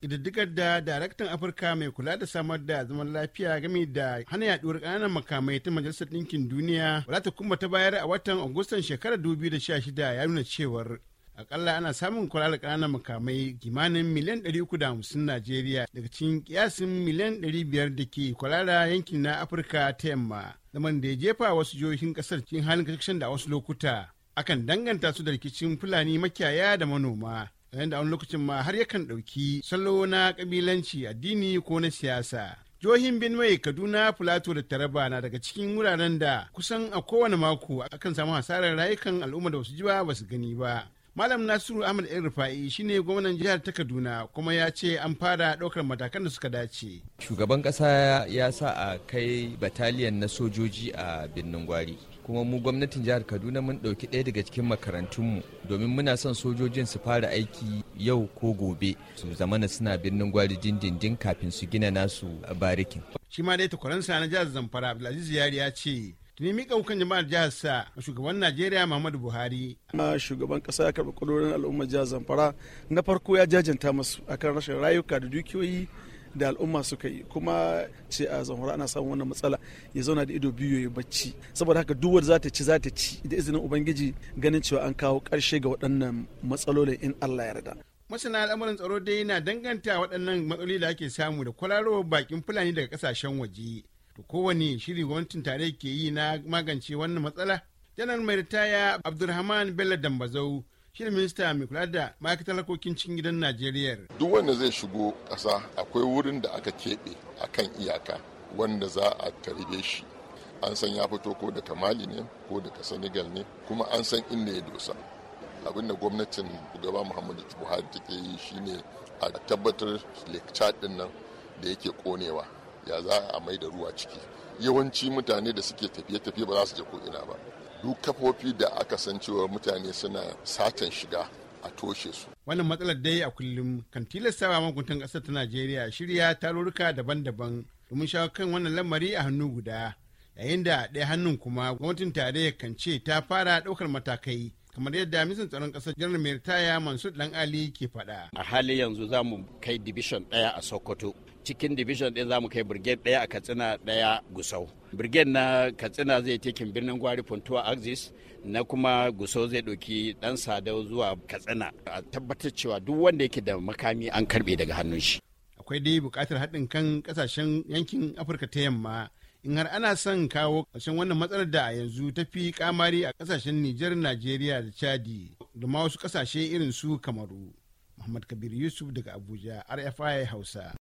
ƙididdigar da daraktan afirka mai kula da samar da zaman lafiya game da hana yaduwar ƙananan makamai ta majalisar ɗinkin duniya wadda ta kuma ta bayar a watan agustan shekarar 2016 ya nuna cewar akalla ana samun kula da ƙananan makamai kimanin miliyan 350 najeriya daga cikin kiyasin miliyan 500 da ke kula da yankin na afirka ta yamma zaman da ya jefa wasu jihohin ƙasar cikin halin kashe da wasu lokuta akan danganta su da rikicin fulani makiyaya da manoma yayin da wani lokacin ma har yakan ɗauki salo na ƙabilanci addini ko na siyasa Johin bin mai Kaduna Filato da Taraba na daga cikin wuraren da kusan a kowane mako akan samu hasarar rayukan al'umma da wasu ji ba su gani ba. Malam Nasiru Ahmad yan Rufa'i shine gwamnan jihar ta Kaduna kuma ya ce an fara ɗaukar matakan da suka dace. Shugaban ƙasa ya sa a kai bataliyan na sojoji a birnin Gwari. kuma mu gwamnatin jihar Kaduna mun ɗauki ɗaya daga cikin makarantunmu domin muna son sojojin su fara aiki yau ko gobe su zamana suna birnin gwari dindindin kafin su gina nasu barikin. Shi ma dai takwaransa na jihar Zamfara Abdulaziz Yari ya ce tuni mika hukan jama'ar jihar sa a shugaban najeriya muhammadu buhari shugaban kasa ya karɓi ƙudurin al'ummar jihar zamfara na farko ya jajanta masu akan rashin rayuka da dukiyoyi da al'umma suka yi kuma ce a zamfara ana samun wannan matsala ya zauna da ido biyu ya bacci saboda haka duk za ta ci za ta ci da izinin ubangiji ganin cewa an kawo ƙarshe ga waɗannan matsalolin in allah yarda masana al'amuran tsaro dai na danganta waɗannan matsaloli da ake samu da kwararowar bakin fulani daga kasashen waje to kowane shiri gwamnatin tare ke yi na magance wannan matsala janar mai ritaya abdulrahman bello dambazau shirin minista mai kula da ma'aikatar harkokin cikin gidan najeriya duk wanda zai shigo kasa akwai wurin da aka keɓe a kan iyaka wanda za a tarbe shi an san ya fito ko daga mali ne ko daga senegal ne kuma an san inda ya dosa abin da gwamnatin gaba muhammadu buhari take yi shine a tabbatar lake chad nan da yake konewa ya za a mai da ruwa ciki yawanci mutane da suke tafiye-tafiye ba za su je ko ina ba duk kafofi da aka san cewa mutane suna satan shiga a toshe su. Wannan matsalar dai a kullum kan tilasta wa maguntan kasar ta Najeriya shirya tarurruka daban-daban domin shawo kan wannan lamari a hannu guda. Yayin da ɗaya hannun kuma gwamnatin tarayya kan ce ta fara ɗaukar matakai kamar yadda misin tsaron ƙasar janar mai ritaya Mansur Dan Ali ke faɗa. A hali yanzu za mu kai division ɗaya a Sokoto cikin division din zamu kai brigade daya a katsina daya gusau brigade na katsina zai tekin birnin gwari puntuwa axis na kuma gusau zai ɗauki dan sadau zuwa katsina a tabbatar cewa duk wanda yake da makami an karɓe daga hannun shi akwai dai bukatar haɗin kan kasashen yankin afirka ta yamma in har ana son kawo ƙarshen wannan matsalar da a yanzu ta fi kamari a kasashen nijar najeriya da chadi da ma wasu ƙasashe irin su kamaru muhammad kabir yusuf daga abuja rfi hausa